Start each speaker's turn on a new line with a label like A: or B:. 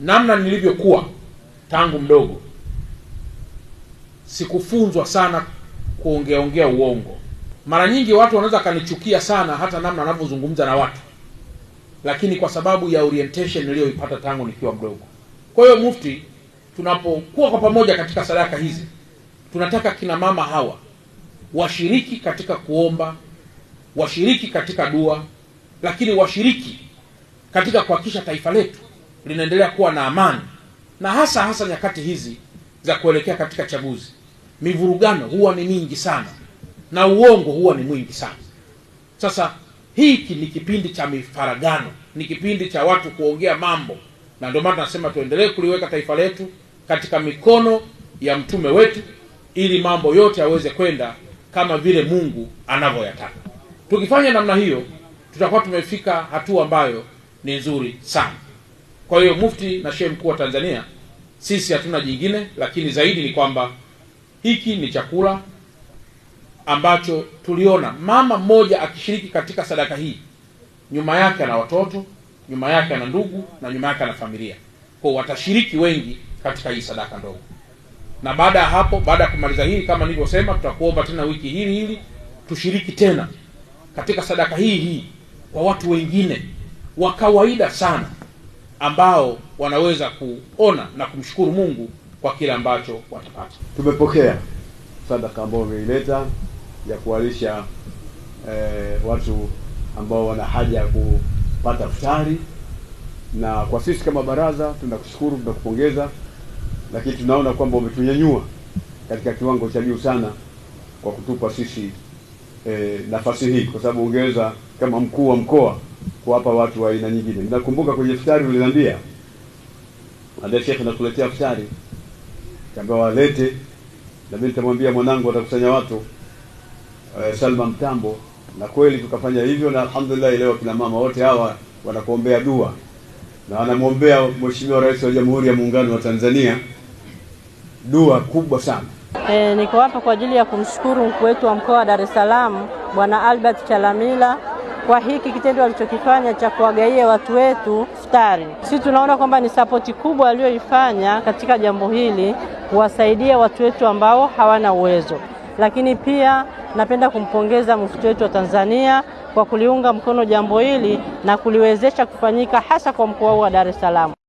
A: namna nilivyokuwa tangu mdogo, sikufunzwa sana kuongeaongea uongo. Mara nyingi watu wanaweza kanichukia sana hata namna anavyozungumza na watu, lakini kwa sababu ya orientation niliyoipata tangu nikiwa mdogo. Kwa hiyo Mufti, tunapokuwa kwa pamoja katika sadaka hizi, tunataka kina mama hawa washiriki katika kuomba, washiriki katika dua, lakini washiriki katika kuhakikisha taifa letu linaendelea kuwa na amani, na hasa hasa nyakati hizi za kuelekea katika chaguzi, mivurugano huwa ni mingi sana na uongo huwa ni mwingi sana. Sasa hiki ni kipindi cha mifaragano, ni kipindi cha watu kuongea mambo, na ndio maana tunasema tuendelee kuliweka taifa letu katika mikono ya mtume wetu, ili mambo yote yaweze kwenda kama vile Mungu anavyoyataka. Tukifanya namna hiyo, tutakuwa tumefika hatua ambayo ni nzuri sana. Kwa hiyo mufti na shehe mkuu wa Tanzania, sisi hatuna jingine, lakini zaidi ni kwamba hiki ni chakula ambacho tuliona mama mmoja akishiriki katika sadaka hii, nyuma yake ana watoto, nyuma yake ana ndugu na nyuma yake ana familia, kwa watashiriki wengi katika hii sadaka ndogo. Na baada ya hapo, baada ya kumaliza hili, kama nilivyosema, tutakuomba tena wiki hili hili tushiriki tena katika sadaka hii hii kwa watu wengine wa kawaida sana ambao wanaweza kuona na kumshukuru Mungu kwa kile ambacho watapata.
B: Tumepokea sadaka ambayo umeileta ya kuwalisha eh, watu ambao wana haja ya kupata futari, na kwa sisi kama baraza tunakushukuru, tunakupongeza, lakini tunaona kwamba umetunyanyua katika kiwango cha juu sana kwa kutupa sisi eh, nafasi hii, kwa sababu ungeweza kama mkuu wa mkoa kuwapa watu wa aina nyingine. Ninakumbuka kwenye iftari uliniambia, ada shekhe, nakuletea iftari, kaambia walete, na mimi nitamwambia mwanangu atakusanya watu uh, Salma Mtambo, na kweli tukafanya hivyo, na alhamdulillah leo kina mama wote hawa wanakuombea dua na wanamwombea Mheshimiwa Rais wa Jamhuri ya Muungano wa Tanzania dua kubwa sana.
C: E, niko hapa kwa ajili ya kumshukuru mkuu wetu wa mkoa wa Dar es Salaam Bwana Albert Chalamila kwa hiki kitendo alichokifanya cha kuwagaia watu wetu futari. Sisi tunaona kwamba ni sapoti kubwa aliyoifanya katika jambo hili kuwasaidia watu wetu ambao hawana uwezo, lakini pia napenda kumpongeza mufti wetu wa Tanzania kwa kuliunga mkono jambo hili na kuliwezesha kufanyika hasa kwa mkoa huu wa Dar es Salaam.